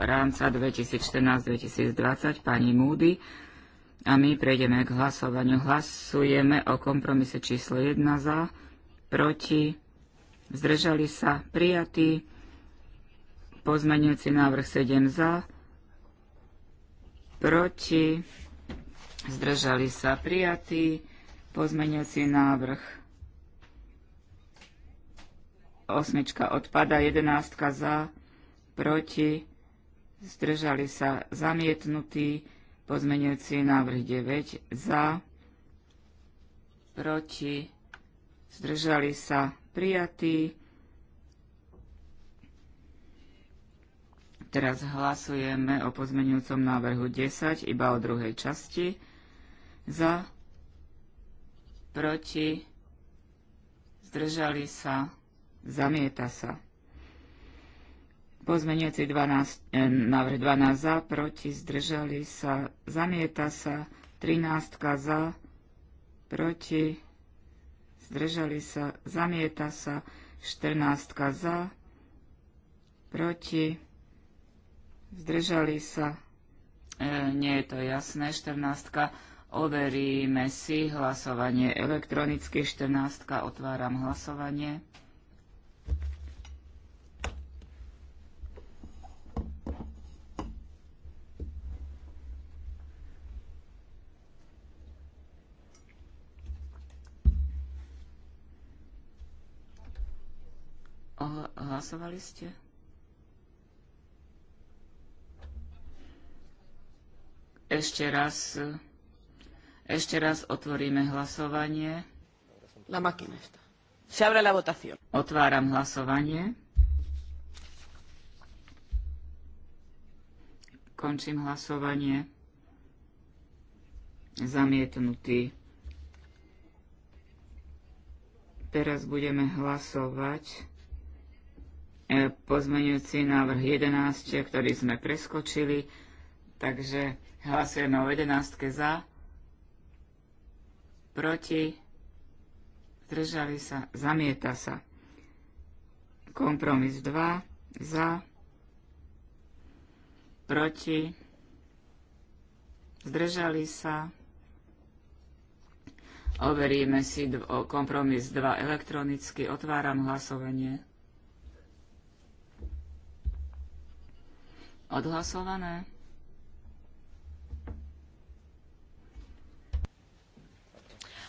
rámca 2014-2020 pani Múdy a my prejdeme k hlasovaniu. Hlasujeme o kompromise číslo 1 za, proti, zdržali sa, prijatý, pozmenujúci návrh 7 za, proti, zdržali sa, prijatí, pozmenujúci návrh osmička odpada, jedenástka za, proti, zdržali sa zamietnutí, pozmenujúci návrh 9 za, proti, zdržali sa prijatí. Teraz hlasujeme o pozmenujúcom návrhu 10, iba o druhej časti. Za, proti, zdržali sa, zamieta sa. Pozmeňujúci 12, e, návrh 12 za, proti, zdržali sa, zamieta sa, 13 za, proti, zdržali sa, zamieta sa, 14 za, proti, zdržali sa, e, nie je to jasné, 14 overíme si hlasovanie elektronicky, 14 otváram hlasovanie. Hlasovali ste? Ešte raz, ešte raz otvoríme hlasovanie. La máquina está. Se abre la votación. Otváram hlasovanie. Končím hlasovanie. Zamietnutý. Teraz budeme hlasovať E, pozmeňujúci návrh 11, ktorý sme preskočili, takže hlasujeme o 11 za, proti, zdržali sa, zamieta sa. Kompromis 2, za, proti, zdržali sa. Overíme si kompromis 2 elektronicky, otváram hlasovanie. Odhlasované.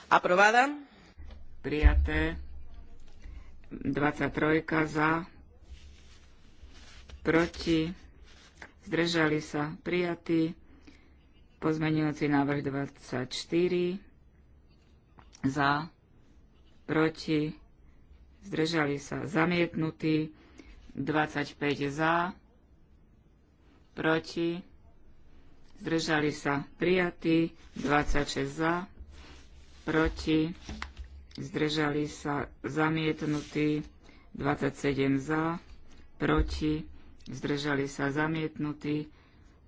Aprobada. Prijaté. 23 za. Proti. Zdržali sa. Prijatí. Pozmenujúci návrh 24. Za. Proti. Zdržali sa. Zamietnutí. 25 za proti, zdržali sa prijatí, 26 za, proti, zdržali sa zamietnutí, 27 za, proti, zdržali sa zamietnutí,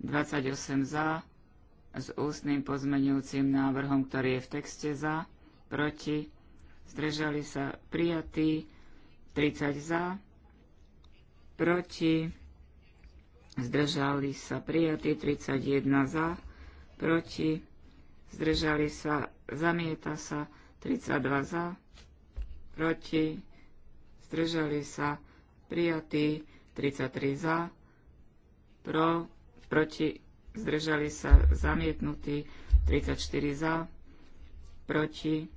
28 za, s ústnym pozmenujúcim návrhom, ktorý je v texte za, proti, zdržali sa prijatí, 30 za, proti, zdržali sa prijatí, 31 za, proti, zdržali sa, zamieta sa, 32 za, proti, zdržali sa, prijatí, 33 za, pro, proti, zdržali sa, zamietnutí, 34 za, proti,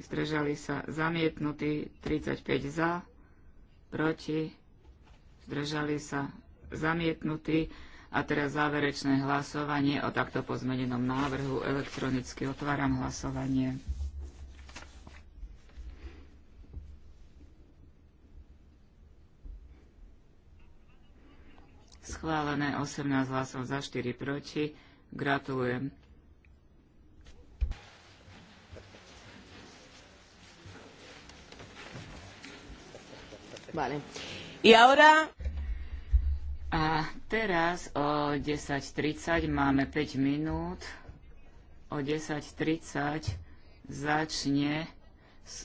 zdržali sa, zamietnutí, 35 za, proti, zdržali sa, zamietnutý. A teraz záverečné hlasovanie o takto pozmenenom návrhu. Elektronicky otváram hlasovanie. Schválené 18 hlasov za 4 proti. Gratulujem. Vale. Y ahora teraz o 10.30 máme 5 minút. O 10.30 začne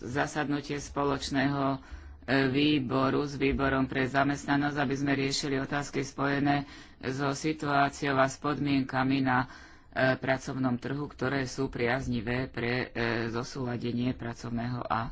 zasadnutie spoločného e, výboru s výborom pre zamestnanosť, aby sme riešili otázky spojené so situáciou a s podmienkami na e, pracovnom trhu, ktoré sú priaznivé pre e, zosúladenie pracovného a